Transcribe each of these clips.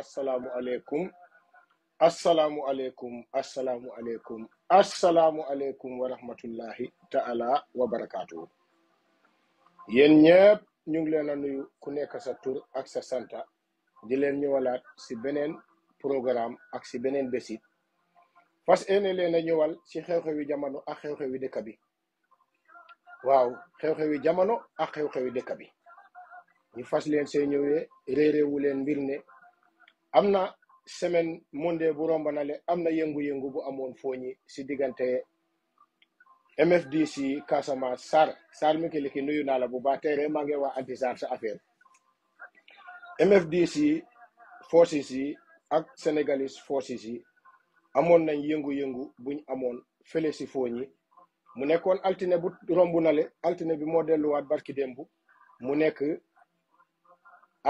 asalaamualeykum asalaamualeykum asalaamualeykum asalaamualeykum wa rahmatullahi taala wa barakaatu. yéen ñëpp ñu ngi leen a nuyu ku nekk sa ak sa santa di leen ñëwalaat si beneen programme ak si beneen bésit fas yéene leen a ñëwal si xew-xewi jamono ak xew-xewi dëkk bi waaw xew-xewi jamono ak xew-xewi dëkk bi ñu fas leen see ñëwee réeréwu leen mbir ne am na semaine monde bu rombanale am na yëngu bu amoon fooñi si diggante MFDC Casamance sar sar mi ki nuyu naa la bu baax tey rek maa ngi wax anti Sarr sa affaire MFDC forces yi ak Senegalese forces amoon nañ yëngu-yëngu buñ amoon fële si fooñi mu nekkoon altine bu romb nale altine bi moo delluwaat barki démb mu nekk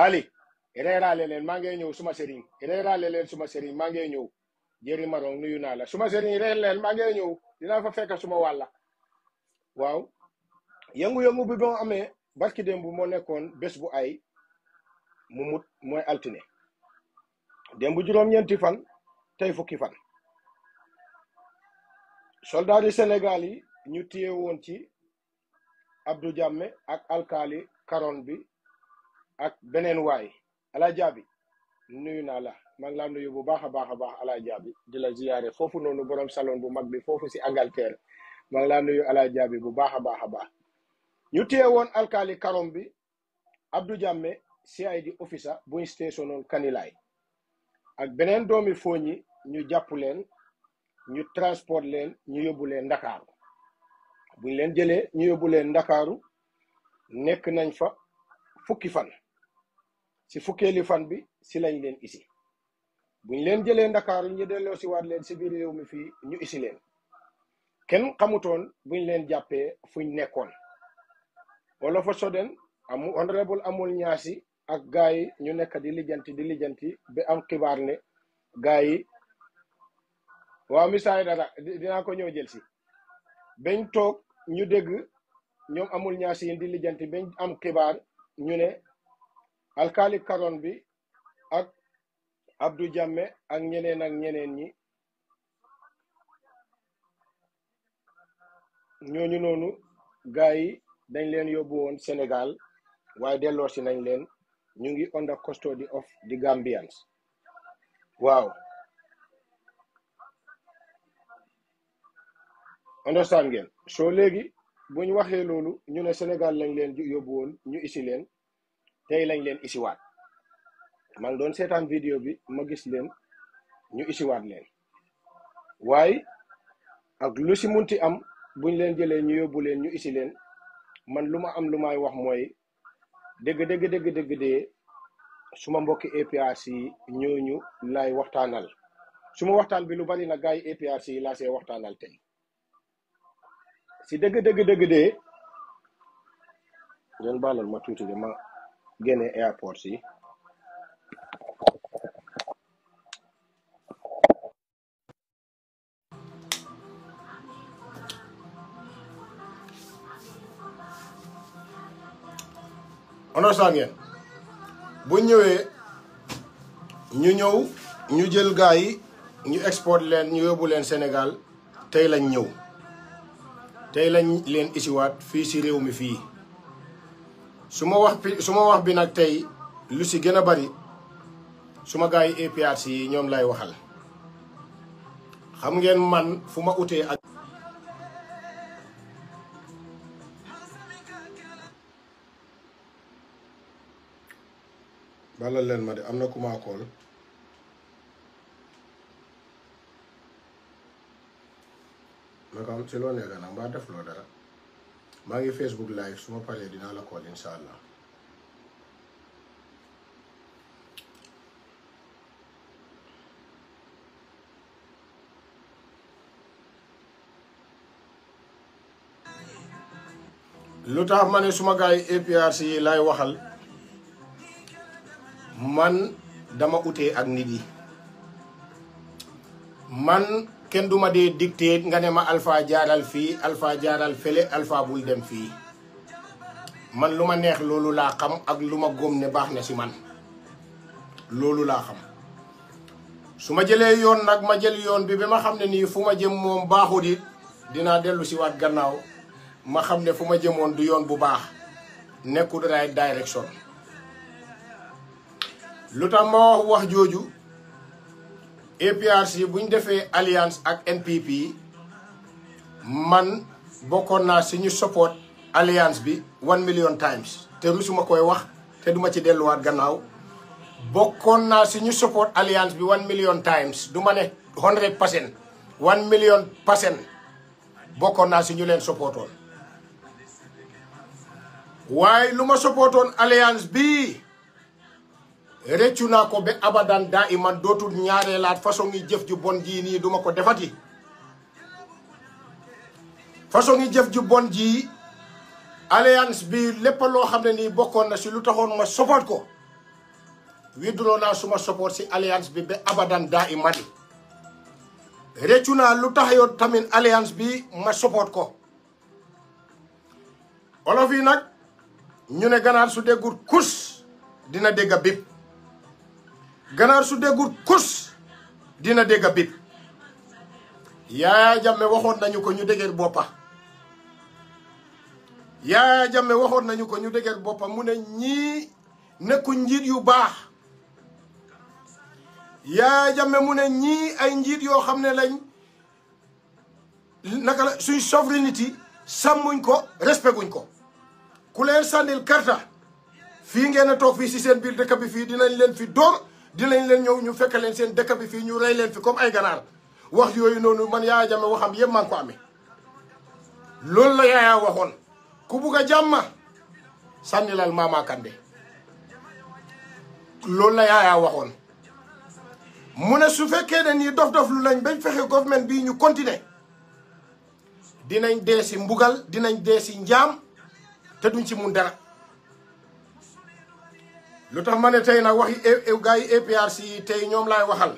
Ali réeraale leen maa ngi ñëw suma sëriñ réeraale leen suma sëriñ maa ngi ñëw jëri marong nuyu naa suma sëriñ réer leen maa ngi ñëw dinaa fa fekk suma wàlla waaw yëngu-yëngu bi moo barki démb bu moo nekkoon bés bu ay mu mut mooy altine démb juróom-ñeenti fan tey fukki fan soldat yi Sénégal yi ñu téye woon ci Abdou Jammeh ak alkaali karon bi ak beneen waay Alajabi, nuyu naa la maa ngi laa nuyu bu baax a baax a baax di la salon bu mag bi si Angleterre maa ngi laa nuyu bu baax a CID officer buñ stationoon Kanilaay ak beneen doomi fooñi ñu transport leen ñu yóbbu leen buñ leen jëlee ñu fa si fukkeeli fan bi si lañ leen isi buñ leen jëlee ndakaaru ñu delloo si waat leen si biir réew mi fii ñu isi leen kenn xamutoon buñ leen jàppee fuñ nekkoon wala fa soden amu honorable amul ñaasi ak gaay ñu nekk di lijanti di lijanti ba am xibaar ne gaa yi waaw misaay dara dinaa ko ñëw jël si bañ toog ñu dégg ñoom amul ñaasi yi di lijanti bañ am xibaar ñu ne alkaali karon bi ak Abdou Jamme ak ñeneen ak ñeneen ñi ñooñu noonu gars yi dañ leen yóbbu woon Sénégal waaye delloosi nañ leen ñu ngi under custody of the Gambians waaw understand ngeen soo léegi bu ñu waxee loolu ñu ne Sénégal lañ leen yóbbu woon ñu isi leen tey lañ leen isiwaat man doon seetaan vidéo bi ma gis leen ñu isiwaat leen waaye ak lu si munti am buñ leen jëlee ñu yóbbu leen ñu isi leen man lu ma am lu may wax mooy dëgg dëgg dëgg dëgg de suma mbokki APRC yi ñooñu laay waxtaanal suma waxtaan bi lu bari na gars yi APRC yi laa see waxtaanal tey si dëgg dëgg dëgg de ngeen baalal ma tuuti de ma génne airport yi understand bu ñëwee ñu ñëw ñu jël gaa yi ñu export leen ñu yóbbu leen Sénégal tey lañ ñëw tey lañ leen isiwaat fii ci réew mi fii su ma wax bi wax bi nag tey lu si gën a bari suma gars yi APRC yi ñoom lay waxal xam ngeen man fu ma utee ak balal leen ma de am na ku ma kool ma ko am ci loo nekk nag mbaa def loo dara maa ngi Facebook live su ma paree dinaa la call incha allah. lu tax ma ne suma gars yi APRC yi laay waxal man dama utee ak nit yi man. kenn du ma dee dicté nga ne ma alfaa jaaral fii alpha jaaral fële alpha bul dem fii man lu ma neex loolu laa xam ak lu ma góom ne baax na si man loolu laa xam su ma jëlee yoon nag ma jël yoon bi ba ma xam ne nii fu ma jëm moom baaxut it dinaa dellu si waat gannaaw ma xam ne fu ma jëmoon du yoon bu baax nekku right direction lu tax ma wax wax jooju APRC bu ñu defee alliance ak NPP man bokkoon naa si ñu support alliance bi one million times te rusuma koy wax te duma ci delluwaat gannaaw bokkoon naa si ñu support alliance bi one million times du ma ne hundred percent one million percent bokkoon naa si ñu leen supportoon waaye lu supportoon alliance bi rëccu naa ko ba abadan daa iman dootul ñaareelaat façon yi jëf ju bon jii nii duma ko defati façon yi jëf ju bon jii alliance bi lépp loo xam ne nii bokkoon na si lu taxoon ma support ko widduloo naa suma support si alliance bi ba abadan daa iman rëccu lu tax tamit alliance bi ma support ko olof yi nag ñu ne ganaar su déggul kus dina dégg bip ganaar su déggul kus dina dégg a bip Yaya Jammeh waxoon nañu ko ñu déggeer boppa Yaya Jammeh waxoon nañu ko ñu déggeer boppa mu ne ñii nekku njiit yu baax yaa Jammeh mu ne ñii ay njiit yoo xam ne lañ naka la suñ souveraineté sàmmuñ ko respectuñ ko ku leen sànnil karta fii ngeen a toog fii si seen biir dëkk bi fii dinañ leen fi door di lañ leen ñëw ñu fekk leen seen dëkk bi fii ñu rey leen fi comme ay ganaar wax yooyu noonu man Yaya Jammeh waxam yëpp maa ngi ko amee loolu la Yaya waxoon ku bugg a jàmma sànni lal Mama Kandeh loolu la Yaya waxoon mu ne su fekkee ne nii dof-dof lu lañ bañ fexe government bii ñu continé dinañ dee si mbugal dinañ dee si njaam te duñ ci mun dara lutax mané tay nak waxi e- e- gars APRC e tay ñom lay waxal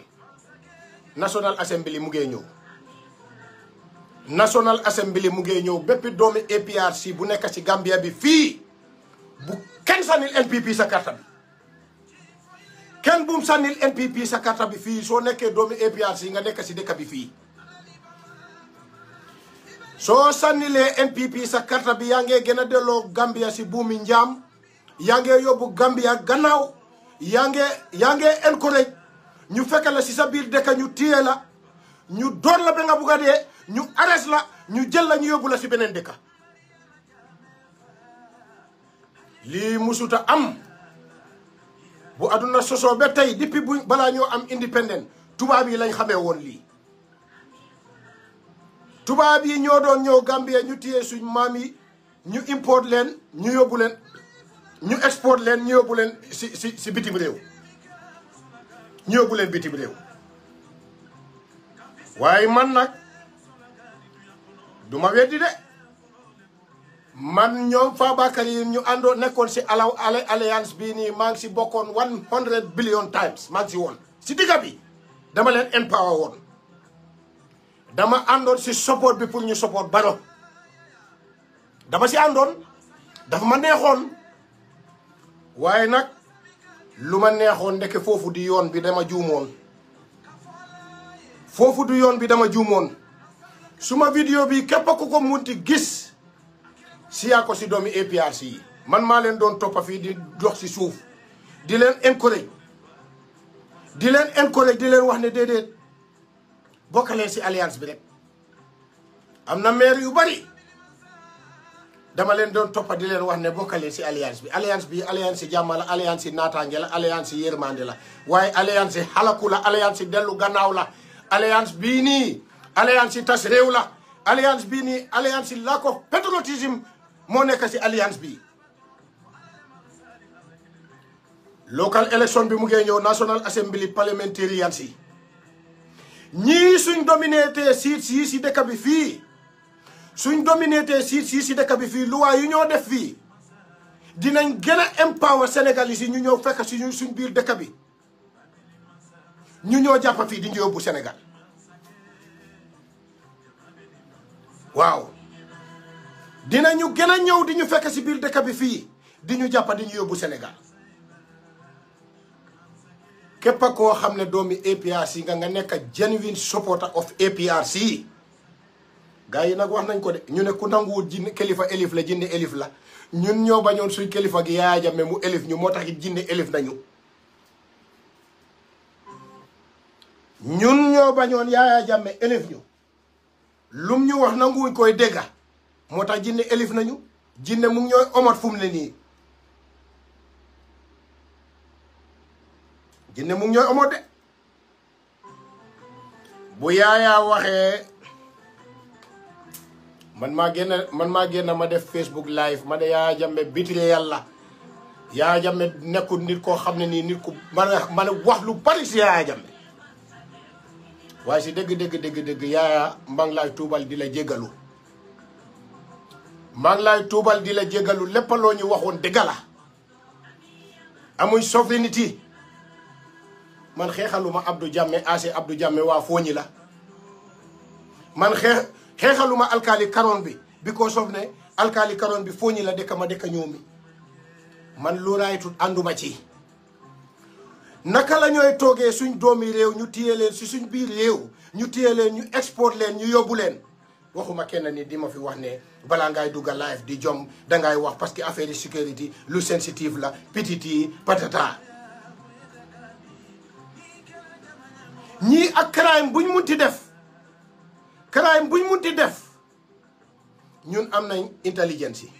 National Assembly mu ngee ñew National Assembly mu ngee ñew bépp doomi APRC bu nekk ci Gambia bi fi bu kenn sanil NPP sa carte bi kenn bum sanil NPP sa carte bi fi so nekkee doomi APRC nga nekk ci dekk bi fi so sanile NPP sa carte bi ya ngee gëna delo Gambia ci boomi njaam yaa ngi yóbbu Gambia gannaaw yaa ngi yaa ngi encourage ñu fekk la si sa biir dëkk ñu téye la ñu door la ba nga bugg a dee ñu arrêté la ñu jël la ñu yóbbu la si beneen dëkk lii musuta am bu aduna sosoo ba tey dippi bu balaa ñoo am indépendant tubaab yi lañ xamee woon lii tubaab yi ñoo doon ñëw Gambie ñu téye suñ maam yi ñu import leen ñu yóbbu leen ñu export leen ñu yóbbu leen si si si bitim rew ñu yóbbu leen bitim rew waye man nak duma ma dé man ñoom bakkar yi ñu andon nekkon si alaw alliance bi ni maa ci si 100 one hundred billion times maa ci si ci si bi dama leen empower won dama andon si support bi pour ñu support baro dama si andon, dafa ma neexoon waaye nag lu ma neexoon ndeke foofu di yoon bi dama juumoon foofu di yoon bi dama juumoon suma vidéo bi képp ku ko munti gis si yaa ko si doomi APRC man maa leen doon toppa fii di dox si suuf di leen encourage di leen encourage di leen wax ne déedéet bokkaleen si alliance bi rek am na maire yu bari dama leen doon toppa di leen wax ne bokkale si alliance bi alliance bi alliance jàmm la alliance naataange la alliance yërmande waaye alliance xalaku la alliance dellu gannaaw la alliance bii nii alliance tas réew la alliance bii nii alliance lack of moo nekk si alliance bi local election bi mu ngee ñëw national assembly parliamentarians yi ñii suñ dominate siit yi si dëkk bi fii suñ dominété si si si dëkk bi fii loi yu ñoo def fii dinañ gën a empower senegal yi si ñu ñëw fekk si ñu suñ biir dëkk bi ñu ñoo jàpp fii di ñu yóbbu Sénégal waaw dinañu gën a ñëw di ñu fekk si biir dëkk bi fii di ñu jàpp di ñu yóbbu Sénégal képp koo xam ne doomi APRC nga nga nekk genuine supporter of APRC gars yi nag wax nañ ko de ñu ne ku nanguwut jinne kalifa élif la jinne élif la ñun ñoo bañoon suñ kalifa gi yaaja Jammeh mu élif ñu moo tax it jinne élif nañu ñun ñoo bañoon yaaya jàmme élif ñu lum ñu wax nanguwuñ koy dégga moo tax jinne élif nañu jinne mu ngi ñooy omat fu mu ne nii jinne mu ngi ñooy omat de bu yaayaa waxee man maa génn man maa génn ma def Facebook live ma ne Yaya Jammeh biti yàlla Yaya Jammeh nekkul nit koo xam ne nii nit ku man wax lu bari si Yaya Jammeh waaye si dëgg dëgg dëgg dëgg Yaya maa tuubal di la jéggalu maa ngi laay tuubal di lépp loo ñu waxoon dëgg la amuñ sofi nit man xeexaluma Abdou Jammeh AC Abdou Jammeh waa fooñi la man xeex xeexaluma alkaali karoon bi because of ne alkaali karoon bi foo ñi la dëkk ma dëkk ñoom bi man lu raaytut ànduma ci naka la ñooy toogee suñ doomi réew ñu téye si suñ biir réew ñu téye ñu export leen ñu yóbbu leen waxuma kenn ni di ma fi wax ne balaa ngay dugga live di jom dangay wax parce que affaire yi sécurité lu sensitive la petit yi patata ñii ak crime buñ munti def crime buñ munti def ñun am nañ intelligence yi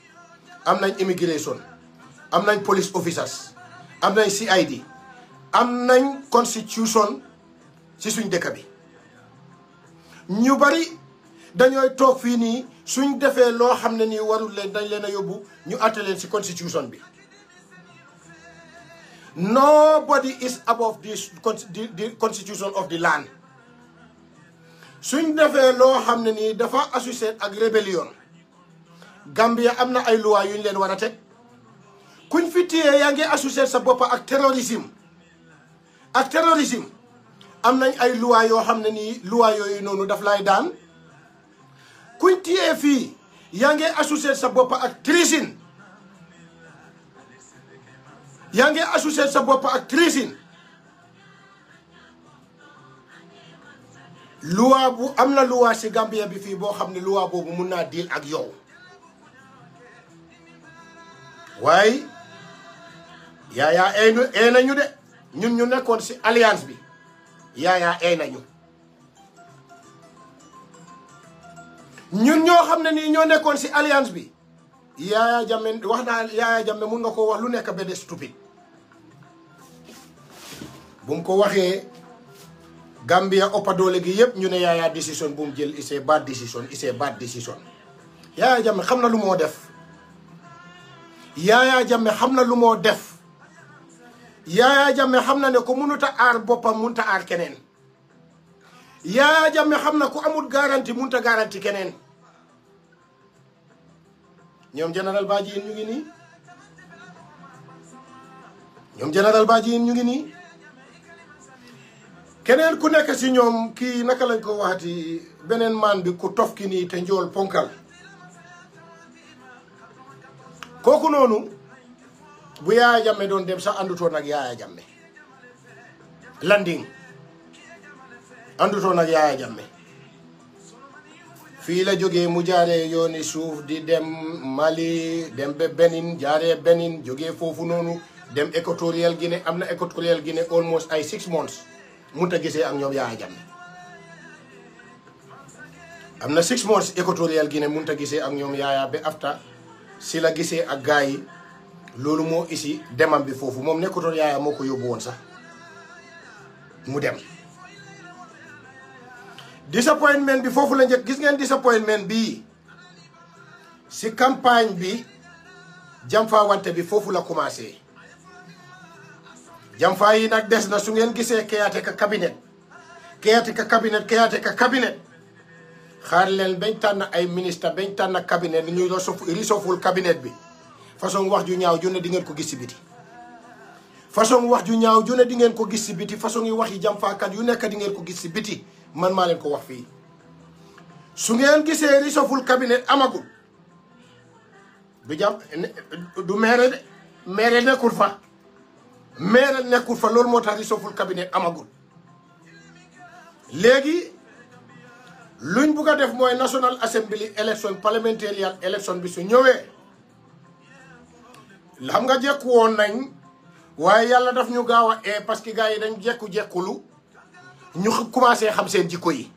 am nañ immigration am nañ police officers am nañ CID am nañ constitution ci suñ dëkk bi ñu bari dañooy toog hamne ni suñ defee loo xam ne nii warul leen dañ yóbbu ñu ci constitution bi nobody is above the constitution of the land suñ defee loo xam ne nii dafa associé ak rébellion Gambia am na ay loi yu ñu leen war a teg kuñ fi téye yaa ngi associé sa bopp ak terrorisme ak terrorisme am nañ ay loi yoo xam ne nii loi yooyu noonu daf lay daan kuñ téye fii yaa ngi associé sa bopp ak treason yaa ngi associé sa bopp ak treason luwaa am na luwaa si Gambia bi fii boo xam ne luwaa boobu mun naa diil ak yow waaye yaaya ay ñu ay nañu de ñun ñu nekkoon si alliance bi yaaya ay nañu ñun ñoo xam ne nii ñoo nekkoon si alliance bi yaayaa jamme wax naa yaayaa jamme mun nga ko wax lu nekk ba de stupide bu ko waxee Gambia ëppa doole gi yëpp ñu ne Yaya décision bu mu jël c'est bad décision c'est bad décision Yaya Jammeh xam na lu moo def Yaya Jammeh xam na lu moo def Yaya Jammeh xam na ne ko mënut a aar boppam mënut a aar keneen Yaya Jammeh xam na ku amul garanti mënut a garanti keneen ñoom général Badji ñu ngi nii ñoom général Badji ñu ngi nii keneen ku nekk si ñoom kii naka lañ ko waxati beneen maan bi ku tof nii te njool ponkal kooku noonu bu Yaya jame doon dem sax àndutoon ak Yaya Jammeh landing àndutoon ak Yaya Jammeh fii la jógee mu jaaree yooni suuf di dem Mali dem ba Benin jaaree Benin jógee foofu noonu dem Equatorial Guinée am na Equatorial Guinée almost ay six months mënut a gisee ak ñoom Yaya Jammeh am na six months équatorial Guinée mun ta gisee ak ñoom Yaya ba afta si la gisee ak gars yi loolu moo issi demam bi foofu moom nekkutoon Yaya yóbbu woon sax mu dem disappointment bi foofu la njëkk gis ngeen disappointment bi si campagne bi jam fa wante bi foofu la commencé jamfa yi nak dess na su ngeen gisee kiyate ka cabinet kiyate ka cabinet kiyate ka cabinet xaar leen bañ tànn ay ministre bañ tànn cabinet ni iri risoful cabinet bi façon wax ju ñaaw ju ne di ngeen ko gis biti façon wax ju ñaaw ju ne di ngeen ko gis biti façon yi wax yi kat yu nekk di ngeen ko gis biti man maa leen ko wax fii su ngeen gisee risoful cabinet amagul du jam du maire de maire nekkul maire nekkul fa loolu moo tax reshuffle cabinet amagul léegi luñ bugg a def mooy national assembly election parlementaire election ak élection bi su ñëwee xam nga jekku woon nañ waaye yàlla daf ñu gaaw a parce que gars yi dañ jekku-jekkulu ñu commencé xam seen jikko yi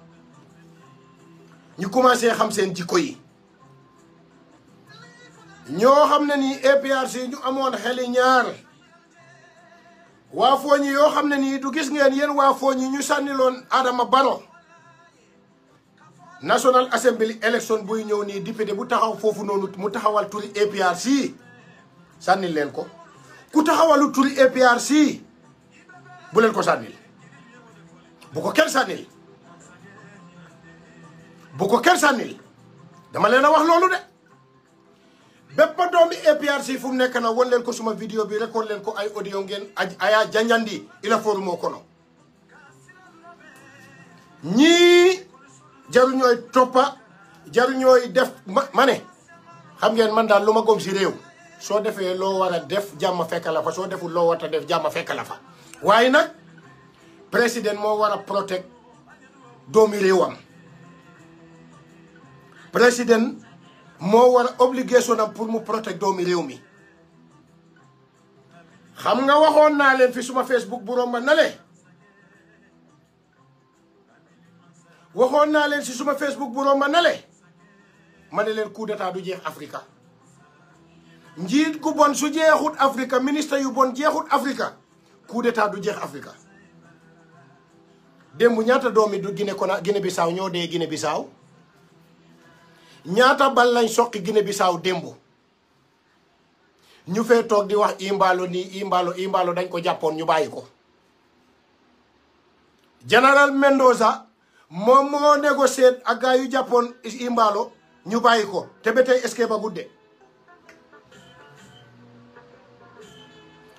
ñu commencé xam seen jikko yi ñoo xam ne nii APRC ñu amoon xeli ñaar waa fooñi yoo xam ne nii du gis ngeen yéen waa fooñi ñu sànniloon Adama Barrow National Assembly élection buy ñëw nii député bu taxaw foofu noonu mu taxawal turi APRC sànnil leen ko ku taxawalu turi APRC bu leen ko sànnil bu ko kenn sànnil bu ko kenn sànnil dama leen a wax loolu de bépp doomi APRC fu mu nekk na won leen ko suma vidéo bi rekoon leen ko ay audio ngeen ayaa janjandi ila fooru moo kono ñii jaru ñooy toppa jaru ñooy def ma mane xam ngeen man daal lu ma gom si réew soo defee loo war a def jàmm fekk la fa soo deful loo war def jàmm fekk la fa waaye nag président moo war a protect doomi réewam président moo war a obligation am pour mu protéger doomi réew mi xam nga waxoon naa leen fi suma Facebook bu romba na le waxoon naa leen si suma Facebook bu romba na ma ne leen coup du jeex Afrika njiit gu bon su jeexut africa ministre yu bon jeexut africa coup d'état du jeex Afrika démb ñaata doom doomi du Guinée Conakry Guinée Bissau ñoo dee Guinée Bissau ñaata bal lañ soqi Guinée Bissau démb ñu fee di wax imbalo nii imbalo imbalo dañ ko jàppoon ñu bàyyi ko général Mendoza moom moo négocié ak gaa yu jàppoon imbaalo ñu bàyyi ko te ba tey escape ba gudde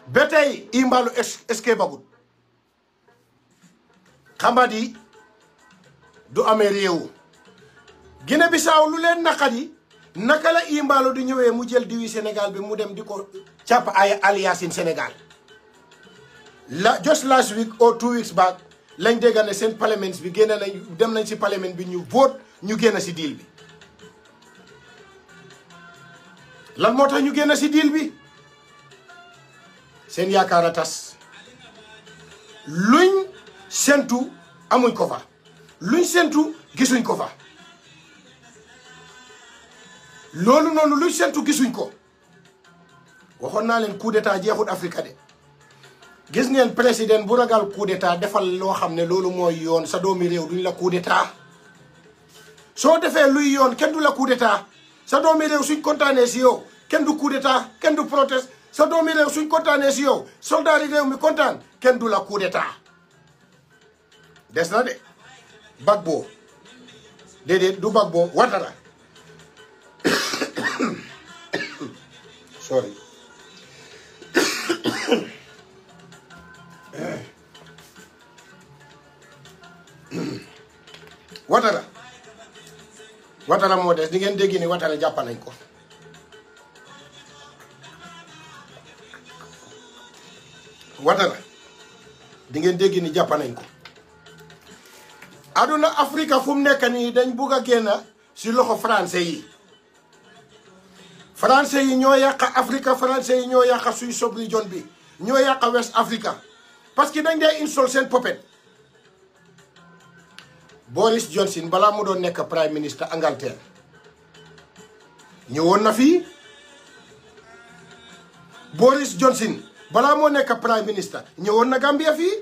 ba tey imbaalo escape du amee réewu Guinée Bissau lu leen naqari naka la Imbalo di ñëwee mu jël diwi Sénégal bi mu dem di ko càpp ay alias in la just last week or oh, two weeks back lañ dégg ne seen parlement bi génne nañ dem nañ si parlement bi ñu vote ñu génn si deal bi lan moo tax ñu génn si deal bi seen yaakaar a tas luñ sentu amuñ ko fa luñ sentu gisuñ ko fa loolu noonu lu sentu gisuñ ko waxoon naa leen coup d'état jeexut de gis ngeen président bu ragal coup defal loo xam ne loolu mooy yoon sa doomi réew duñ la coup d'état soo defee luy yoon kenn du la coup sa doomi réew suñ kontaanee si yow kenn du coup kenn du proteste sa doomi réew suñ kontaanee si yow soldat yi réew mi kontaan kenn du la coup d'état des na de Gbagbo déedéet du Gbagbo Ouattara sorry watara watara mo des di ngeen deg ni kan watara jàpp nañ ko watara di ngeen deg ni jàpp nañ ko aduna afrika fum nek ni dañ buga a ci si loxo français yi français yi ñoo yàq Afrique français yi ñoo yàq suy sobri jon bi ñoo yàq West Africa parce que dañ dee install seen puppet Boris Johnson balaa mu doon nekk prime ministre Angleterre ñëwoon na fii Boris Johnson balaa moo nekk prime ministre ñëwoon na Gambia fii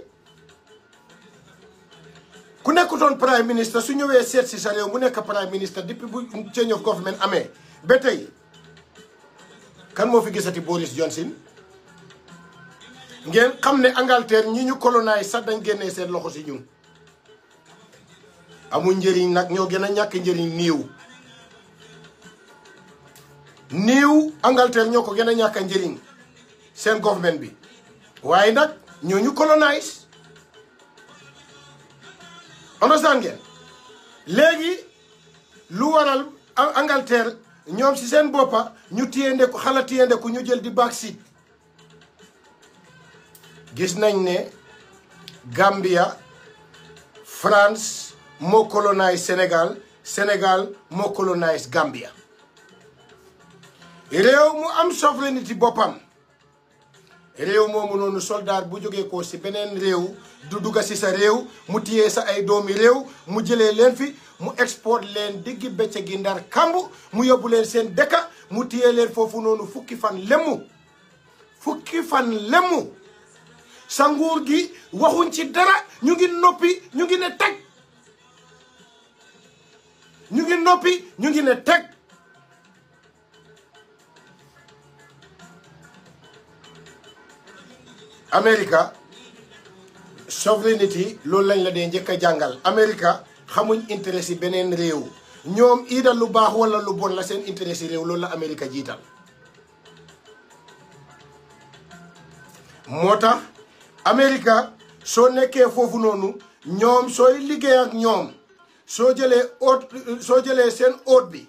ku nekku nekkutoon prime ministre su ñëwee seet si sa mu nekk prime ministre depuis bu change of government amee ba tey kan mo fi gissati Boris Johnson ngeen xamne angalter ñi ñu colonise sa dañu génnee seen loxo ci ñun amu njëriñ nak ñoo gën ñak ñàkk niw niw angalter Angleterre ko gën a seen government bi waye nak ñoo ñu colonise understand ngeen léegi lu waral angalter ñoom si seen boppa ñu téyende ko xala téyende ñu jël di baksi gis nañ ne Gambia France moo colonise senegal Sénégal moo colonise Gambia réew mu am souveraineté boppam réew moomu noonu soldat bu jógee ko si beneen réew du dugga si sa réew mu téyee sa ay doomi réew mu jëlee leen fi mu export leen diggi bëccëg ndar kamb mu yóbbu leen seen dëkka mu téye leen foofu noonu fukki fan lemu fukki fan lemu sa nguur gi waxuñ ci dara ñu ngi noppi ñu ngi ne teg ñu ngi noppi ñu ngi ne teg America sovereignty loolu lañ la dee njëkka jàngal America xamuñ intérêt si beneen réew ñoom iidal lu baax wala lu bon la seen intérêt si réew loolu la Amérique jiital moo tax Amérique soo nekkee foofu noonu ñoom sooy liggéey ñoom soo jëlee oot soo jëlee seen oot bi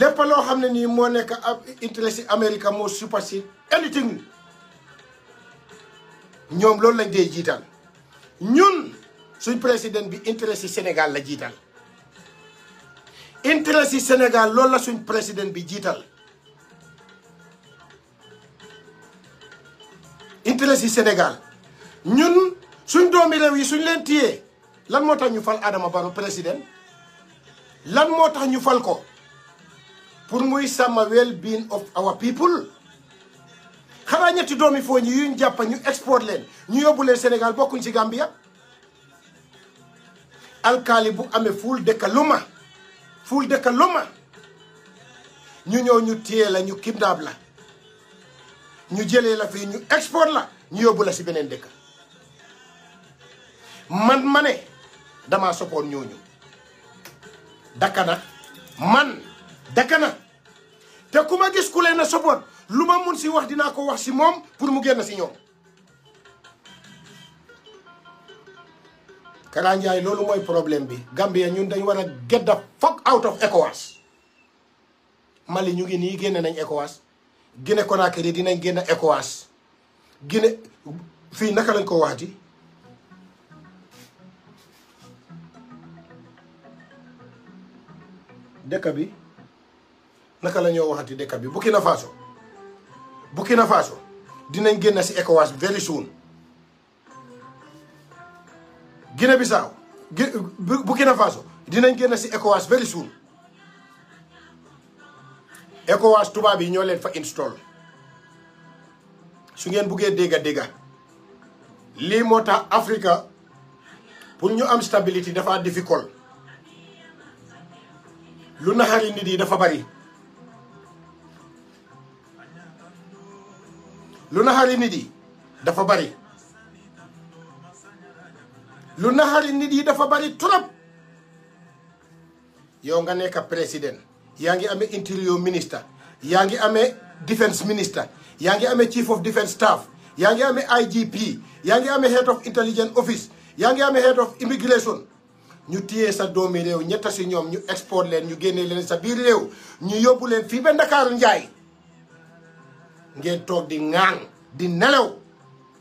lépp loo xam ne nii moo nekk ab intérêt si Amérique moo supersede anything ñoom loolu lañ dee jiital ñun suñ président bi intéressi yi Sénégal la jiital intérêt yi Sénégal lool la suñ président bi jiital intérêt yi Sénégal ñun suñ doomi réew yi suñ leen téyee lan moo tax ñu fal Adama Barrow président lan moo tax ñu fal ko pour muy sàmm well being of our people xanaa ñetti doomi foo ñi yuñ jàppa ñu export leen ñu yóbbu leen Sénégal bokkuñ ci Gambia alkali bu amé ful dëkka luma ful dëkka luma ñu ñëw ñu tié la ñu kidnap la ñu jëlé la fi ñu export la ñu yobul la ci benen dëkk man mané dama damaa soppoon dakana man dakana te kuma gis ku leena a luma lu ma mun wax dina ko wax ci mom pour mu ci Kara Ndiaye loolu mooy problème bi Gambia ñun dañ war a get the fuck out of ECOWAS Mali ñu ngi nii génne nañ ECOWAS Guinée Conakry dinañ génn ECOWAS Guinée fii naka lañ ko waxati dëkk bi naka la ñoo waxati bi bi nafaaso Faso Burkina Faso dinañ génn si ECOWAS very soon Guinée Bissau Burkina Faso dinañ génn si ECOWAS very soon ECOWAS tubaab yi ñoo leen fa install su ngeen buggee dégga dégga lii moo tax Africa pour ñu am stabilité dafa difficile lu naxari nit yi dafa bari lu naxari nit yi dafa bari lu naxari nit yi dafa bari trop yow nga nekk président yaa ngi amee interior minister yaa ngi ame defense minister yaa ngi amee chief of defense staff yaa ngi amee IGP yaa ngi amee head of intelligence office yaa ngi amee head of immigration ñu téye sa doomi réew ñetta si ñoom ñu export leen ñu génnee leen sa biir réew ñu yóbbu leen fii ba Ndakaaru njaay ngeen toog di ŋaan di nelaw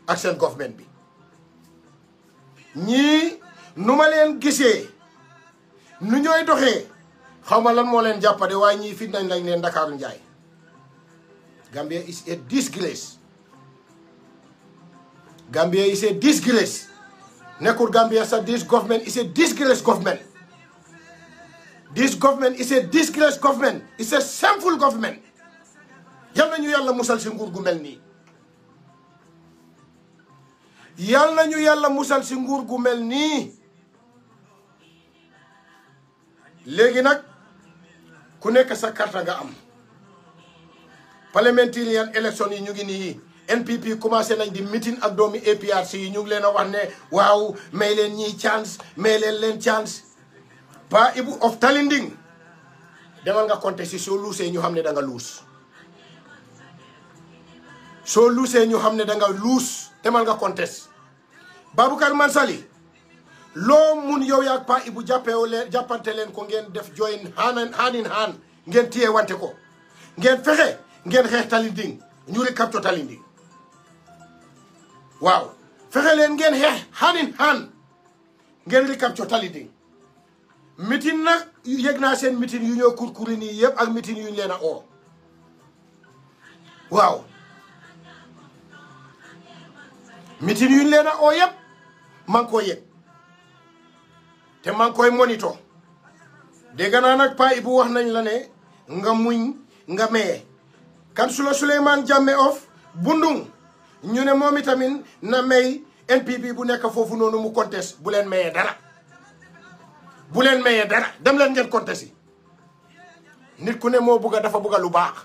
ak seen government bi ñi numa ma leen gisee nu ñooy doxee xaw ma lan moo leen jàppade waaye ñii fi nañ lañ leen njaay Gambia is a disgrace Gambia is a disgrace Nekur Gambia sa dis government is a disgrace government this government is a disgrace government is a shameful government yalla ñu yalla musal ci nguur gu mel yàlla na ñu yàlla musal si nguur gu mel nii léegi nag ku nekk sa carte nga am parliamentarian election yi ñu ngi nii NPP commencé nañ di meeting ak doomi APRC yi ñu ngi leen a wax ne waaw may leen ñii chance may leen leen chance Pa Ibu of Talinding demal nga compté si soo luusee ñu xam ne danga luus soo luusee ñu xam ne danga nga luus demal nga conteste Baboucar Mansali loo mun yow yaag Pa Ibou jàppeewu jàppante leen ko ngeen def join haanan haanin haan ngeen téye wante ko ngeen fexe ngeen xeex Talinding ñu recapto Talinding waaw fexe leen ngeen xeex haanin haan ngeen recapto Talinding mitin nag yëg naa seen mitin yu ñoo kurkuri nii yëpp ak mitin yu ñu leen a oo mitin yuñ leen a oo yëpp maa ngi koy te maa ngi monito dégg naa nag paa bu wax nañ la ne nga muñ nga maye. Kansula Souleymane Jammeh of Bundung ñu ne moom itamit na may NPP bu nekk foofu noonu mu conteste bu leen mayee dara bu leen mayee dara dem leen ngeen conteste yi nit ku ne moo bugga dafa bugga lu baax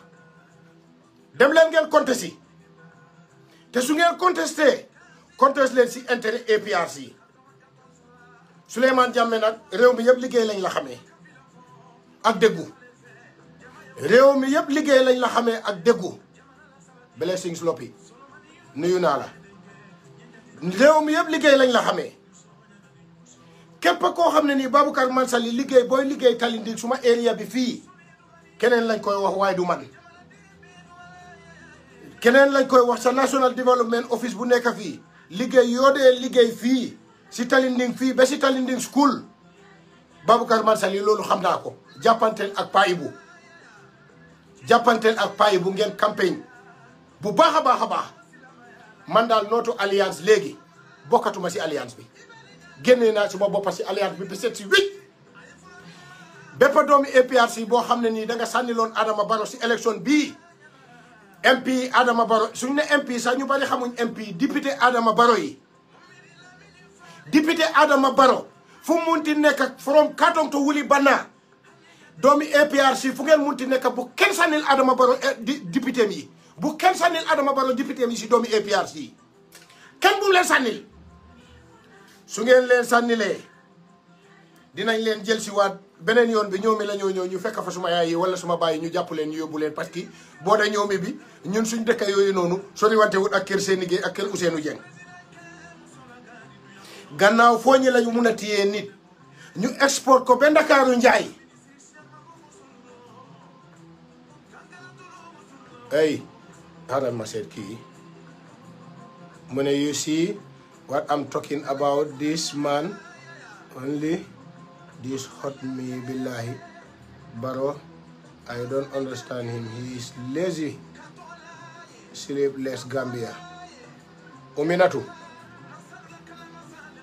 dem leen ngeen conteste yi te su ngeen contesté conteste leen si intérêt APRC yi Souleymane Jammeh nag réew mi yëpp liggéey lañ la xamee ak déggu réew mi yëpp liggéey lañ la xamee ak déggu Blessing Lopy mi yëpp liggéey lañ la xamee képp koo xam ne nii Baboucarr Mansali liggéey booy liggéey Talinding suma area bi fii keneen lañ koy wax waaye du man keneen lañ koy wax sa National Development Office bu nekka fii liggéey yoo de liggéey fii si Talinding fii ba si Talinding school Baboucarr Mansali loolu xam naa ko jàppanteel ak bu jàppanteel ak bu ngeen campagne bu baax a baax a baax man daal nootu alliance léegi bokkatuma si alliance bi génnee naa suma boppa si alliance bi bi seet si wicc bépp doomu APRC boo xam ne nii da nga sànni loon Adama Barrow si élection bii MP Adama Baro suñu ne MP sax ñu bari xamuñ MP député Adama Baro yi député Adama Baro fu mu munti nekk from Katong to Wuli Banna doomi APRC fu ngeen munti nekk bu kenn sànnil Adama Baro eh, député yi bu kenn sànnil Adama Baro député yi si doomi APRC yi kenn bu leen sànnil su ngeen leen sànnilee dinañ leen jël si beneen yoon bi ñoomi la ñoo ñëw ñu fekk fa suma yaay yi wala suma baay ñu jàpp leen ñu yóbbu leen parce que boo da ñoomi bi ñun suñ dëkk yooyu noonu sori wante wut ak kër Séni Gueye ak kër Ousseynou Dieng gannaaw foo ñi lañu mun a téyee nit ñu export ko ba Ndakaaru njaay ay xaaral ma seet kii mu ne you see what I'm talking about this man This hurt me, billahi. Baro, oh, I don't understand him. He is lazy, sleepless Gambia. Uminatu.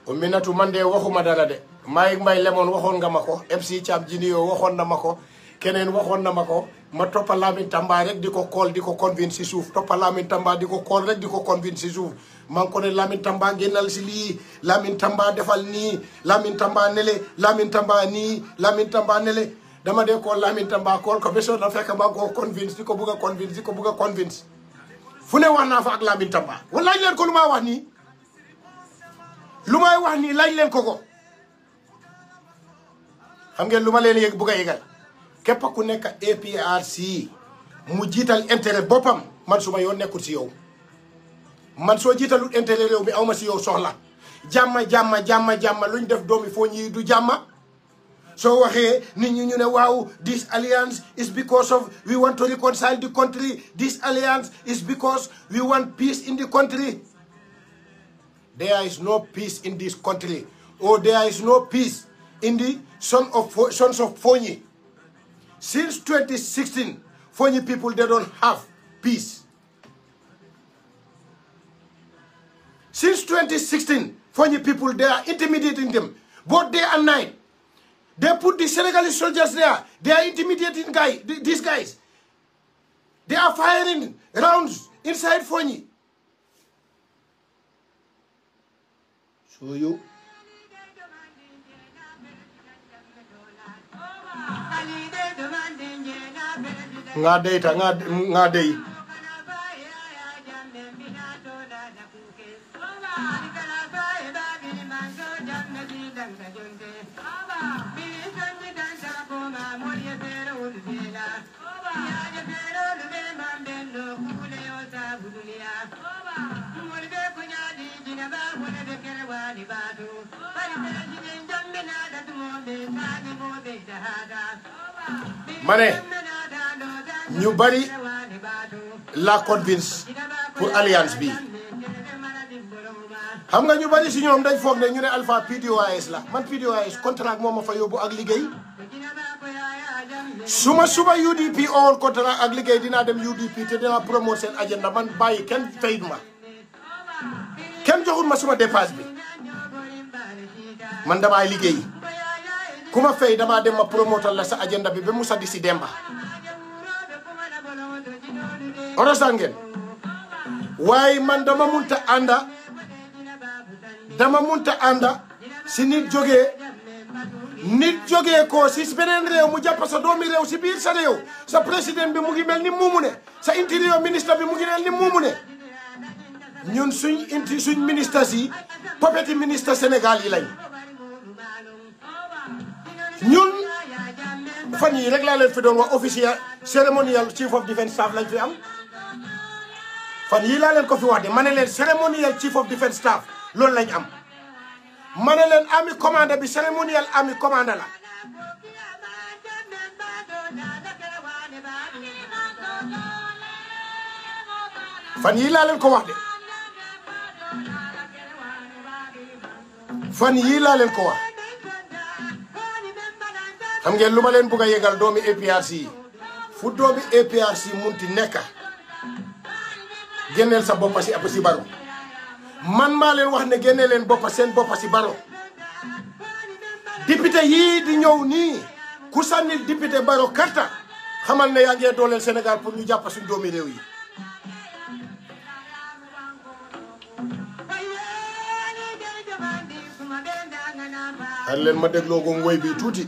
Uminatu man de waxuma dara de. Mike Mbay Lemon waxon nga mako, MC Chap Jinio waxon na mako, keneen waxoon na ma ko ma toppa Lamin Tamba rek diko ko kool convince si suuf toppa Lamin Tamba diko ko rek di convince si maa ngi ko ne Lamine génnal si lii Lamine Tamba defal nii Lamine Tamba nele Lamine Tamba nii Lamine Tamba nele dama dee kool Lamine Tamba kool ko ba na fekk maa ko convince di ko bugg a convince di ko bugg a convince fu ne wax naa fa ak Lamine Tamba wala laaj leen ko lu maa wax nii lu may wax nii laaj leen ko ko am ngeen lu ma leen yëg bugg a yëgal képp ku nekk APRC mu jiital intérêt boppam mat suma ma yoon nekkul si yow man soo jiitalul intérêt réew mi aw ma si yow soxla jàmma jàmma jàmma jàmma luñ def doomi foo ñi du jàmma so waxee nit ñi ñu ne waaw this alliance is because of we want to reconcile the country this alliance is because we want peace in the country there is no peace in this country or oh, there is no peace in the son of sons of Foni Since 2016, Foni people, they don't have peace. Since 2016, Fonyi people, they are intimidating them, both day and night. They put the Senegalese soldiers there. They are intimidating guy, these guys. They are firing rounds inside Fonyi. So you... Nga day, nga day. Mane, ne ñu bari la convince pour alliance B. xam nga ñu bari ci ñoom dañ fogg ne ñu ne Alpha PDOIS la man PDOIS contrat moo ma fa yóbbu ak liggey suma suba UDP or contrat ak liggey dina dem UDP te dina promo sen agenda man bayyi ken fayd ma ken joxul ma suma dépasse bi man dama liggéey ku ma fay dama dem ma promoter la sa agenda bi be musa saddi si demba orosaan ngeen man dama munta anda dama munta ànda si nit jóge nit jógee ko si beneen réew mu jàpp sa doomi réew si biir sa réew sa président bi mu ngi mel ni muumu ne sa intérieur ministre bi mu ngi mel ni muumu ne ñun suñ inti suñ ministres yi popeti ministre Sénégal yi lañ ñun fan yi rek laa leen fi doon wax officier cérémonial chief of defence staff lañ fi am fan yii laa leen ko fi wax de ma ne leen cérémonial chief of defence staff loolu lañ am mané len ami commandé bi cérémonial ami commandé la fan yi la len ko wax de fan yi la len ko wax xam ngeen luma len leen doomi APRC fu doomi APRC munti nekk génneel sa bop ci ap ci baru man maa leen wax ne génne leen boppa seen boppa si baro député yii di ñëw nii ku sànnil député baro karta xamal ne yaa ngee dooleel Sénégal pour ñu jàpp suñ doomi réew yi xar leen ma dégloo ko woy tuuti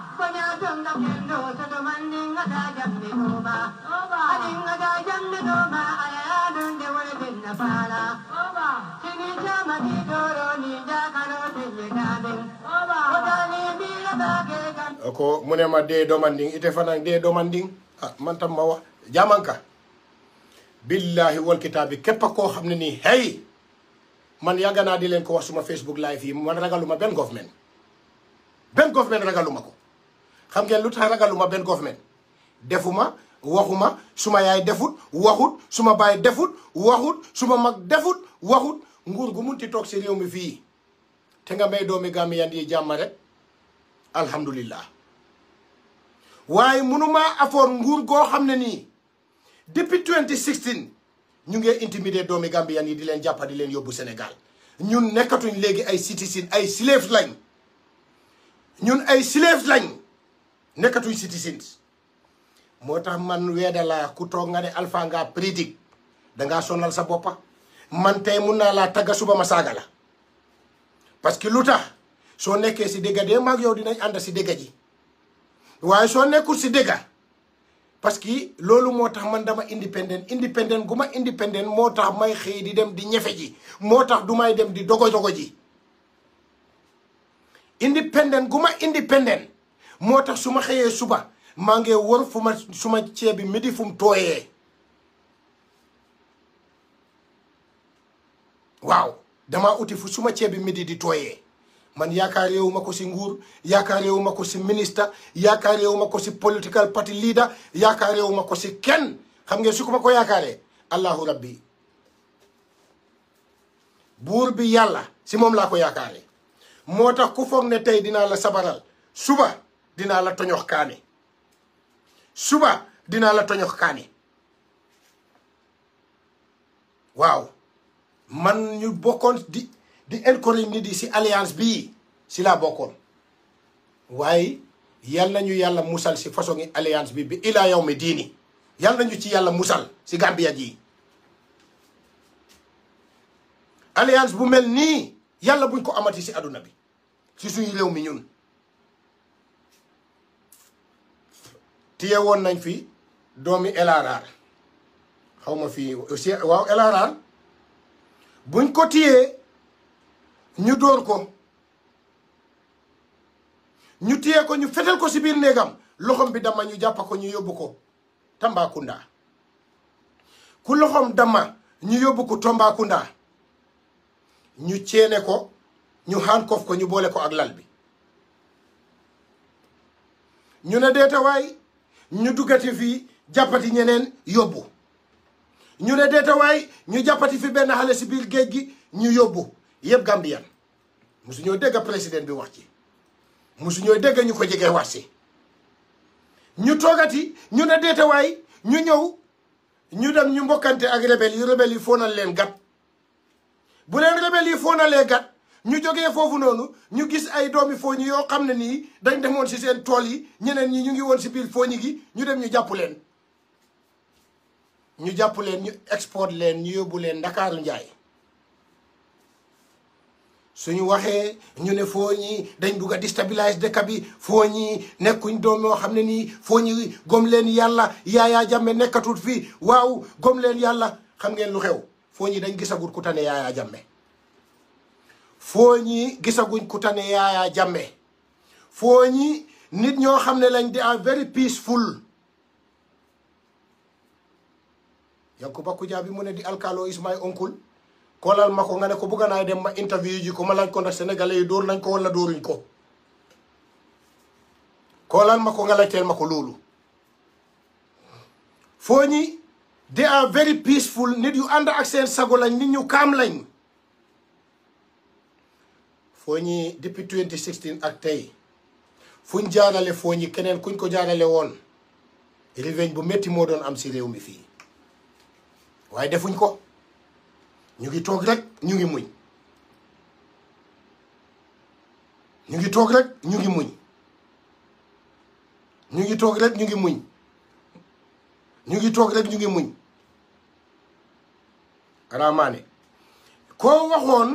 ko munema de do manding ite fanan de do manding ah man tam ma wax jamanka billahi wal kitab képp ko xamni ni hey man yagana di len ko wax suma facebook live yi man ragaluma ben government ben government ragaluma ko xam ngeen lu tax ragaluma benn government defuma waxuma suma yaay defut waxut suma baay defut waxut suma mag defut waxut nguur gu munti toog si réew mi fii te nga may doomi Gambien yi jàmma rek alhamdulillah waaye mënumaa afford nguur goo xam ne nii depuis 2016 ñu ngi intimider doomi Gambien yi di leen jàppa di leen yóbbu senegal ñun nekkatuñ léegi ay citizen ay slave lañ ñun ay slave lañ nekkatuñ citizens motax man wéda la ku tok nga né alpha nga da nga sonal sa bopa man tay muna la taga suba ma saaga la parce que lu so nekké ci si dégga dee maag yow dinañ and ci dégga ji waye so nekkul si dégga parce que lolu motax man dama independent, independent guma independent motax may xey di dem di ñëfé ji motax du may dem di dogo dogo ji independent guma independent moo tax su ma xëyee suba maa ngi wër fu ma su ma bi midi fum mu tooyee waaw dama uti fu suma ceeb bi midi di tooyee man yaakaareewu ma ko si nguur yaakaareewu ma ko si ministre yaakaareewu ma ko si political party leader yaakaareewu ma ko si kenn xam ngeen su ma ko yaakaare allahu rabbi buur bi yàlla si moom laa ko yaakaare moo tax ku foog ne tey dinaa la sabaral suba dina la toñox kané suba dina la toñox kané waaw man ñu bokkoon di di encore nit di si alliance bi si la bokon waye yalla ñu yalla musal si façon alians alliance bi bi medini, yawmi dini yalla ñu ci yalla musal si Gambia ji alliance bu mel ni yalla buñ ko amati si aduna bi ci suñu rew mi ñun téye woon nañ fi doomi elaraar xaw ma fii waaw elaraar buñ ko téyee ñu dóor ko ñu téye ko ñu fetal ko si biir néegam loxom bi dama ñu jàpp ko ñu yóbbu ko Tambacounda ku loxom dama ñu yóbbu ko Tambacounda ñu ceene ko ñu handcuff ko ñu boole ko ak lal bi ñu ne deeta waay ñu duggati fi jàppati ñeneen yóbbu ñu ne deetawaay ñu jàppati fi benn xale si biir géej gi ñu yóbbu yëpp Gambien musu ñoo dégg président bi wax ci musu ñoo dégg ñu ko jege wax si ñu toogati ñu ne deetawaay ñu ñëw ñu dem ñu mbokkante ak rebel yi rebel yi foonal leen gat bu leen rebel yi foonalee gat ñu jógee foofu noonu ñu gis ay doomi fooñi yoo xam ne nii dañ demoon si seen tool yi ñeneen ñi ñu ngi woon ci biir fooñi gi ñu dem ñu jàpp leen ñu jàpp leen ñu export leen ñu yóbbu leen ndakaaru njaay suñu waxee ñu ne foo fooñi dañ bugg a déstabiliser dëkk bi fooñi nekkuñ doom yoo xam ne nii fooñi gom leen yàlla yaaya jàmme nekkatut fi waaw gom leen yàlla xam ngeen lu xew foo fooñi dañ gisagut ku tane yaayaa jàmme foo ñi gisaguñ ku tane Yaya Jammeh foo ñi nit ñoo xam ne lañ di a very peaceful Yankuba Kujabi mu ne di alkalo is my uncle kolal ma ko nga ne ko bëgg naa dem ma interview ji ko ma laaj ko ndax sénégalais yi dóor nañ ko wala dóoruñ ko kolal ma mako nga laajteel ma ko loolu foo ñi they are very peaceful nit yu ànd ak seen sago lañ nit ñu kaam lañ fooñi depuis 2016 ak tay fuñ jaarale fooñi keneen kuñ ko jaarale woon riveñ bu métti moo doon am si réew mi fii waaye defuñ ko ñu ngi toog rek ñu ngi muñ ñu ngi toog rek ñu ngi muñ ñu ngi toog rek ñu ngi muñ ñu ngi toog rek ñu ngi muñ ramaane ko waxoon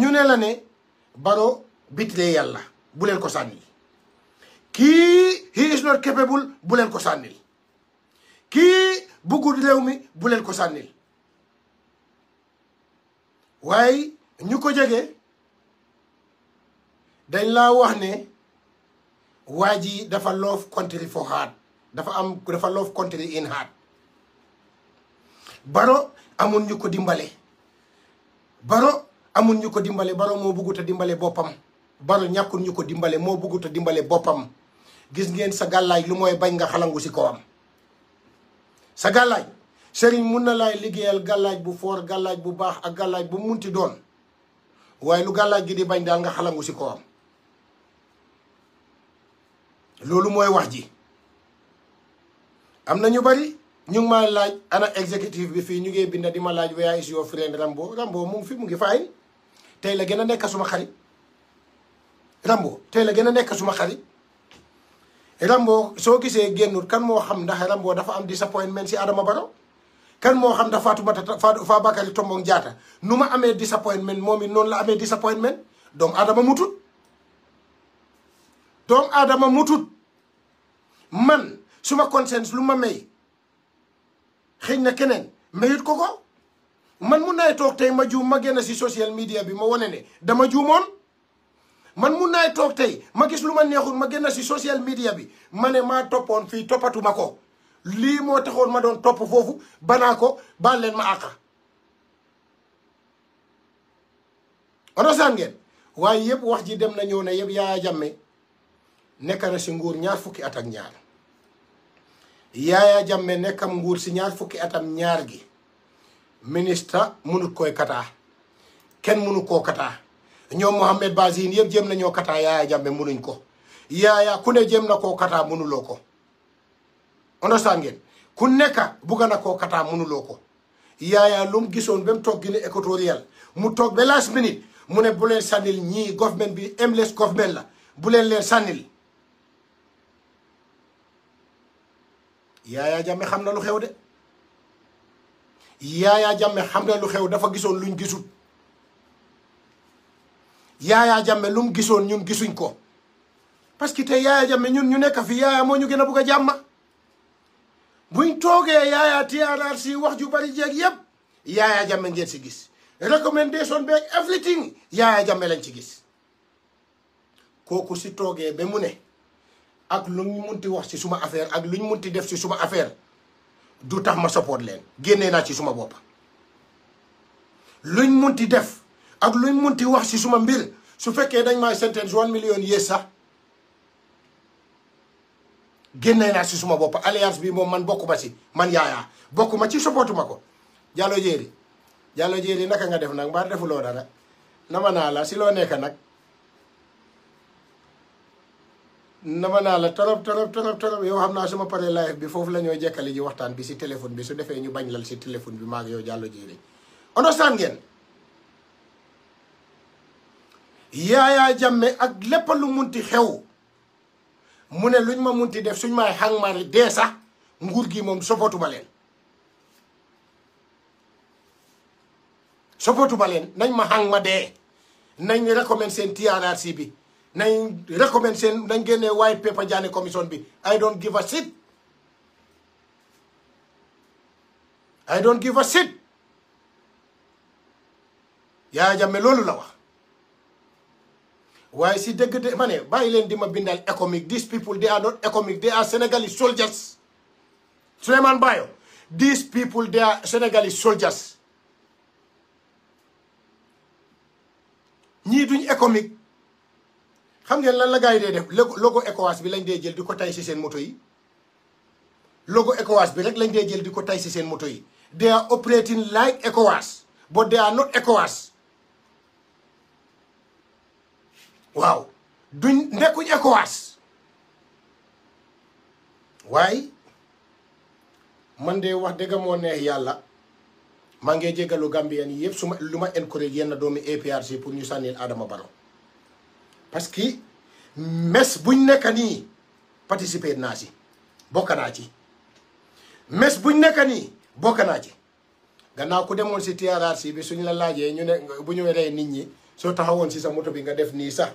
ñu ne la ne Barrow bitile yàlla bu leen ko sànni kii he is not capable bu leen ko sànnil kii bëggul réew mi bu leen ko sànnil waaye ñu ko jege dañ laa wax ne waa ji dafa love country for heart dafa am dafa love country in heart Barrow amoon ñu ko dimbale Barrow amul ñu ko dimbale baro moo bëggut a dimbale boppam baro ñàkkul ñu ko dimbale moo bëggut a dimbale boppam gis ngeen sa gàllaay lu mooy bañ nga xalangu si ko am sa gàllaaj sëriñ mun na laay liggéeyal gàllaaj bu foor gàllaaj bu baax ak gàllaaj bu munti doon waaye lu gàllaaj gi di bañ daal nga xalangu si ko am loolu mooy wax ji am na ñu bari ñu ngi ma laaj ana exécutif bi fii ñu ngi binda di ma laaj where is your friend Rambo Rambo mu ngi fi mu tey la gën a nekk suma xarit Rambo tey la gën a nekk suma xarit Rambo soo gisee génnul kan moo xam ndax Rambo dafa am disappointment si Adama Barrow kan moo xam ndax Fatoumata Fabakary Tombong Jatta nu ma amee disappointment moom it noonu la amee disappointment doomu aadama mutut doomu aadama mutut man suma conscience lu ma may xëy na keneen mayut ko man mun naay toog tey ma juum ma génn si social media bi ma wane ne dama juumoon man mu naay toog tey ma gis lu ma neexul ma génn si social media bi ma ne maa toppoon fii toppatuma ko lii moo taxoon ma doon topp foofu banaa ko baal leen ma àqa onosaan ngeen waaye yëpp wax ji dem na ñëw ne yëpp Yaya Jammeh nekk na si nguur ñaar fukki at ak ñaar Yaya Jammeh nekkam nguur si ñaar fukki atam ñaar gi minista mënut koy kataa kenn mënu koo kataa ñoom Mohamed Bazin yëpp jéem nañoo kataa Yaya Jammeh mënuñ ko Yaya ku ne jéem na koo kataa mënuloo ko understand ngeen ku nekka bugga koo kataa mënuloo ko Yaya lu mu gisoon ba mu toog Guinée équatoriale mu toog ba last minute mu ne bu leen ñi ñii government bi MLS government la bu leen leen sànnil Yaya Jammeh xam na lu xew de yaaya jàmme xam na lu xew dafa gisoon luñ gisut yaayaa jàmme lu mu gisoon ñun gisuñ ko parce que tey yaayaa jàmme ñun ñu nekk fi yaayaa moo ñu gën a bugg a jàmma buñ toogee yaayaa tiyaanaar si wax ju bari jeeg yépp yaayaa jàmme ngeen si gis recommendation beeg everything yaayaa jàmme lañ ci gis kooku si toogee ba mu ne ak luñ munti wax si suma affaire ak luñ munti def si suma affaire du tax ma support leen génnee naa ci suma bopp luñ munti def ak luñ munti wax si suma mbir su fekkee dañ maay sentence one million yees sax génnee naa ci suma bopp alliance bi moom man ma ci man yaayaa bokkuma ci supportuma ko yéri jéeri jàllo jéeri naka nga def nag mbaa defuloo dara nama naa laa si loo nekk nag nama naa la torop torop torop torop yow xam naa su ma paree live bi foofu lañoo ñoo jekkali waxtaan bi si téléphone bi su defee ñu bañ lal si téléphone bi maag yow jàllo jéeri understand ngeen yaayaa jàmme ak lépp lu munti xew mu ne luñ ma mun munti def suñ maay xang mari dee sax nguur gi moom soppatuma leen soppatuma leen nañ ma xang ma dee nañ recommande seen TRRC bi nañ recommend seen nañ génnee white paper Jaane commission bi I don't give a shit I don't give a shit Yaya Jammeh loolu la wax waaye si dëgg de ma ne bàyyi leen di ma bindal économique these people they are not économique they are Senegalese soldiers Souleymane Bayo these people they are Senegalese soldiers ñii duñ économique xam ngeen lan la gaa yi dee def logo ECOWAS bi lañ dee jël di ko tay si seen moto yi logo ECOWAS bi rek lañ dee jël di ko tay si seen moto yi they are operating like ECOWAS but they are not ECOWAS waaw du nekkuñ ECOWAS waaye man de wax dëgg moo neex yàlla maa ngi jégalu Gambien yi yëpp su ma lu ma encourage yenn doomi APRC pour ñu sànnil Adama Barrow parce que mes buñ nekk nii participer naa si bokk naa ci mess buñ nekk nii bokk naa ci gannaaw ku demoon si TRRC bi suñ la laajee ñu bu ñu weree nit ñi soo taxawoon si sa moto bi nga def nii sax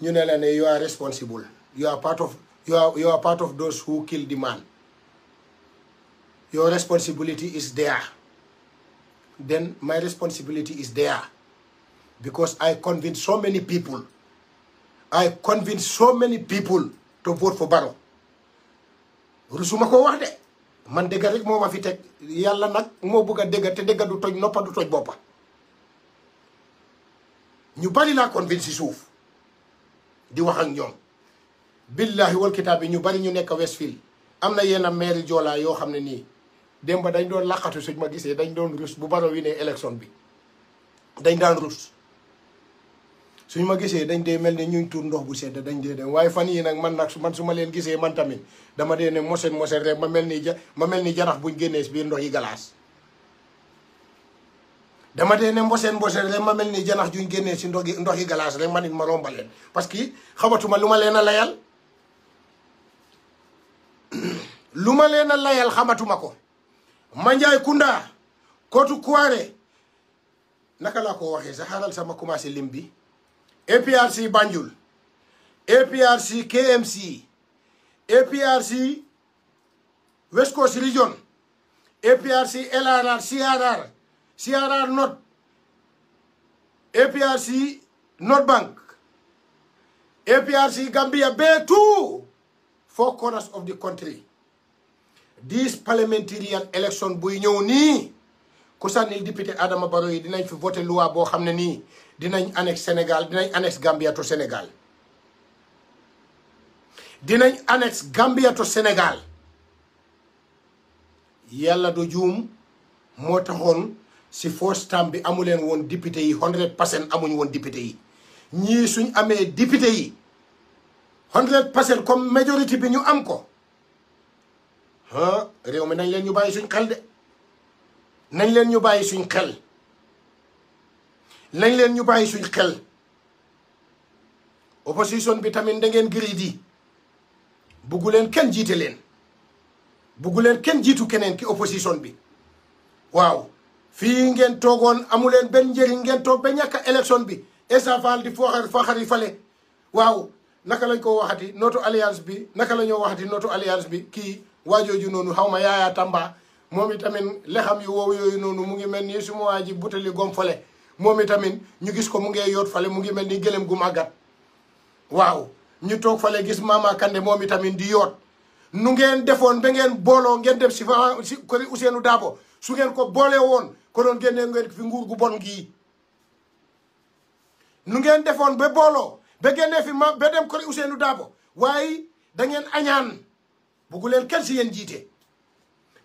ñu ne la ne you are responsible you are part of you are you are part of those who kill the man your responsibility is there then my responsibility is there because I convinced so many people. I convinced so many people to vote for Barrow. rusuma ko wax de man degal rek moo ma fi tek yalla nak mo bëgg a te dégg du toj noppa du toj bopa ñu bari la convince souf di wax ak ñom billahi wal kitab ñu bari ñu nekk Westfield Amna yena maire jola yo xamne ni demba dañ doon laqatu suñu ma gisee dañ doon rus bu baro wi ne election bi dañ daan rus suñ ma gisee dañ dé melni ne tour ndox bu sédd dañ dé dem waaye fan yi nak man nak man suma leen gisee man tamit dama dé né moset moset rek ma mel ma mel jarax buñu génné ci biir ndox yi galas dama dé né mboset mboset rek ma mel jarax juñu génné ci ndox yi ndox yi galas rek man ma rombalé parce que xamatuma luma leena layal luma leena layal xamatuma ko kunda naka ko waxe sa haral sama commencé limbi APRC Banjul APRC KMC APRC West Coast Region APRC LRR CRR CRR North APRC North Bank APRC Gambia Bay two four corners of the country this parliamentarian election buy ñëw nii ku sànni député Adama Barrow yi dinañ fi voté loi boo xam ne nii dinañ annexe Sénégal dinañ annexe Gambia to Sénégal dinañ annex Gambia to Sénégal yàlla du juum moo taxoon si foos term bi amuleen woon député yi hundred percent amuñ woon député yi ñii suñ amee député yi hundred percent comme majorité bi ñu am ko réew mi nañ leen ñu bàyyi suñ xel de nañ leen ñu bàyyi suñ xel nañ leen ñu bàyyi suñ xel opposition bi tamit da ngeen gëri di buggu leen kenn jiite leen buggu leen kenn jiitu keneen ki opposition bi waaw fii ngeen toogoon amu leen benn njëriñ ngeen toog ba ñàkk a bi Essa Faal di fooxar fooxari fale waaw naka lañ ko waxati nootu alliance bi naka lañu ñoo waxati nootu alliance bi kii waajooju noonu xaw ma yaayaa Tamba moom tamit lexam yu woowu yooyu noonu mu ngi mel nii su ma waa ji butali gom fale moom itamit ñu gis ko mu ngi yoot fale mu ngi mel ni gëlëm gu màggat waaw ñu toog fale gis Mama Kandeh moom itamit di yoot nu ngeen defoon ba ngeen booloo ngeen dem si fa si ko Ousseynou Dabo su ngeen ko boolee woon ko doon génnee fi nguur gu bon gii nu ngeen defoon ba booloo ba génnee fi ma be dem ko Ousseynou Dabo waaye da ngeen añaan buggu leen kenn si yéen jiite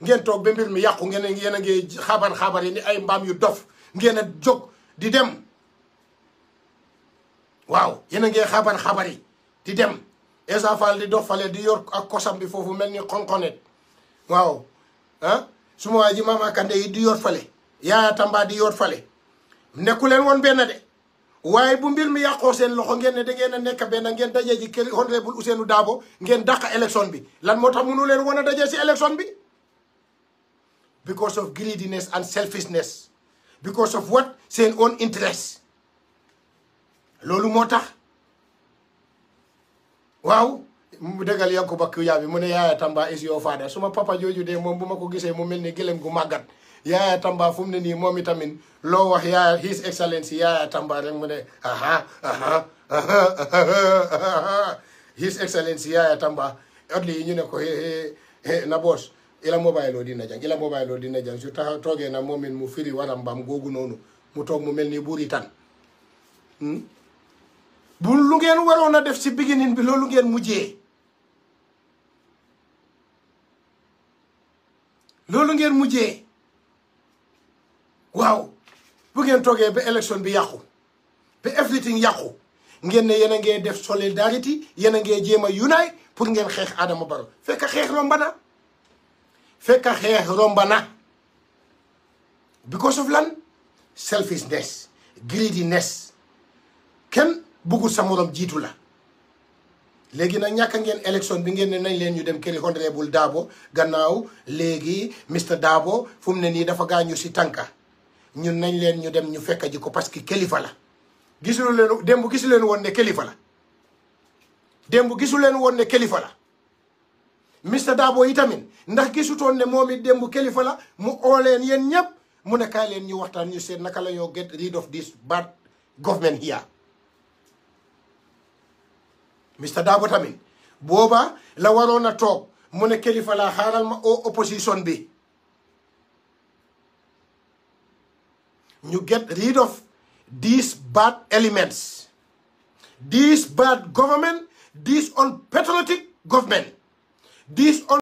ngeen toog ba mbir mi yàqu ngeen yéen a ngi xabar xabar yi ni ay mbaam yu dof ngeen a jóg di dem waaw yéen a ngee xabar xabar di dem Essa Fall di dofale di yor ak kosam bi foofu mel ni xonxonet waaw ah suma waa ji Mama Kande yi di yor fale Yaaya Tamba di yor fale nekku leen woon benn de waaye bu mbir mi yàqoo seen loxo ngeen ne da ngeen a nekk benn ngeen dajee ji kër honorable Ousseynou Dabo ngeen dàq élection bi lan moo tax mënu leen woon a daje si élection bi because of greediness and selfishness because of what seen own interest loolu moo tax waaw mu dëggal yanko ba kiw yaabi mu ne yaaya tamba is yoo faada suma papa joju de moom bu ma ko gisee mu mel ni gëlëm gu màggat yaaya tamba fu mu ne nii moom itamit loo wax yaaya his tamba rek mu ne aha aha his excellence yaaya tamba odli yi ñu ne ko na boos ila mobile dina jang ila mobile o dina jang so taxa toogee na moom moomin mu firi a bam googu noonu mu toog mu mel ni buuri tan hmm? bu lu ngeen waroon a def si beginning bi loolu ngeen mujjee loolu ngeen mujjee waaw bu ngeen toogee ba élection bi yàqu ba everything yàqu ngeen ne yéen a ngee def solidarité yéen a ngee jéem a unite pour ngeen xeex Adama Barrow fekk xeex romba na fekk a xeex rombana because of lan selfishness greediness kenn bëggul sa moroom jiitu la léegi nag ñàkk ngeen élection bi ngeen ne nañ leen ñu dem këri honorable Dabo gannaaw léegi Mr daabo fu ne nii dafa gaañu si tànka ñun nañ leen ñu dem ñu fekk ji ko parce que kilifa la gisul leen démb gisu leen woon ne kilifa la démb gisu leen woon ne kilifa la Mr Dabo itamit ndax gisutoon ne moom it démb kilifa la mu ooleen yéen ñëpp mu ne kaay leen ñu waxtaan ñu seet naka la get rid of this bad government here Mr Dabo tamit booba la waroon a mu ne kilifa la xaaral ma o opposition bi ñu get rid of these bad elements this bad government this unpatriotic government this